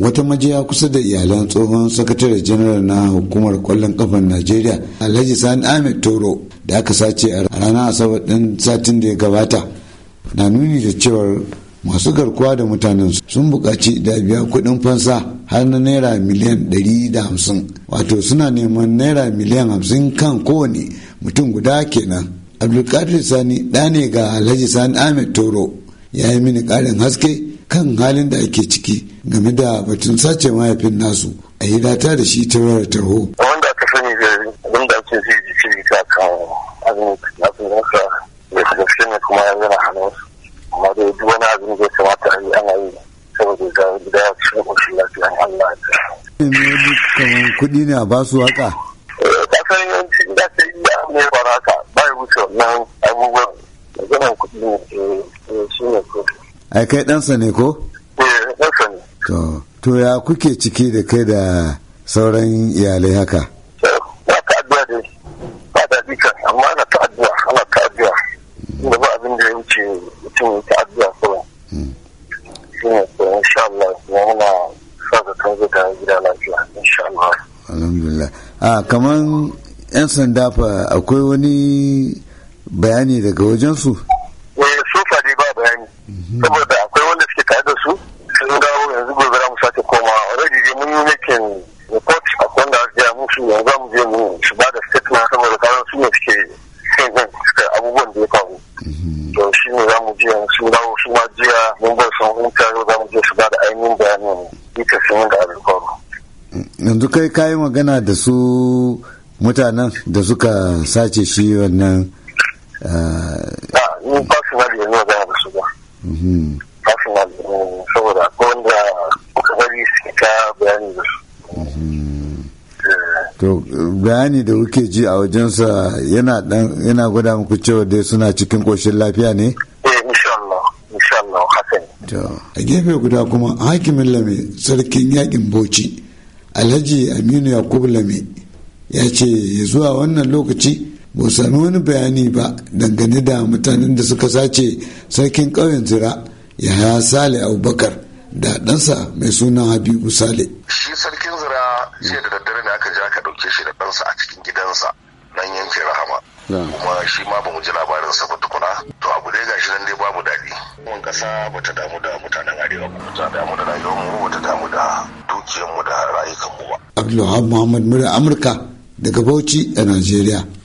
wata majiya kusa da iyalan tsohon sakatare janar na hukumar kwallon kafan najeriya alhaji sani ahmed toro da aka sace a ranar asabar ɗin satin da ya gabata na nuni da cewar masu garkuwa da mutanen sun buƙaci da biya kuɗin fansa har na naira miliyan 150 wato suna neman naira miliyan 50 kan kowane mutum guda kenan abdulkadir sani ɗa ne ga alhaji sani ahmed toro ya yi mini ƙarin haske kan halin da ake ciki game da batun sace mahaifin nasu a yi data da shi ta wayar tarho. Wanda aka sani da wanda ake zai jiki shi ta kan azumin na tsoronsa da gaske ne kuma yanzu na hannunsu. Amma dai duk wani abin da ya kamata a yi ana yi saboda ga gida ya ci ƙoshin lafiya Allah ya ci. Ne kamar kuɗi ne a b'a basu haka? ba eh, Kasan yawanci da ta yi ya ne ba haka ba ya wuce wannan abubuwan. Maganar kuɗi ne eh, eh, shi ne kuɗi. ai kai ɗansa ne ko? eh ɗansa ne to to ya kuke ciki da kai da sauran iyalai haka eh, ba ta addu'a dai ba da dika amma ana ta addu'a ana ta addu'a da ba abin da ya wuce mutum ya ta addu'a ko hmm. insha Allah kuma muna alhamdulillah a kaman yan sanda fa akwai wani bayani daga wajensu? su saboda akwai wanda suke tare da su sun dawo yanzu gobe za mu sake koma already dai mun yi making report a wanda aka gaya musu yanzu za mu je mu su ba da statement saboda karan su ne suke sin din suka abubuwan da ya faru don shi ne za mu je sun dawo su ma jiya mun bar san hunta yau za mu je su ba da ainihin bayanin ita sun da abin faru. yanzu kai kayi magana da su mutanen da suka sace shi wannan. Eh, a ni personally yanzu magana da su ba. kafin saboda ko wanda da su kuke ji a wajensa yana dan yana gwada muku cewa dai suna cikin koshin lafiya ne eh insha Allah insha a gefe guda kuma hakimin lame sarkin yakin boci Alhaji Aminu Yakubu Lame ya ce ya zuwa wannan lokaci ba sami wani bayani ba dangane da mutanen da suka sace sarkin ƙauyen zira yahaya sale abubakar da ɗansa mai suna habibu sale shi sarkin zira shi da daddare ne aka je ka ɗauke shi da ɗansa a cikin gidansa nan yanke rahama kuma shi ma ba mu ji labarin sa ba tukuna to abu dai gashi nan dai babu daɗi mun kasa bata damu da mutanen arewa ba ta damu da rayuwar mu ta damu da dukiyar mu da rayukan mu ba Abdullahi Muhammad Mura Amurka daga Bauchi a Najeriya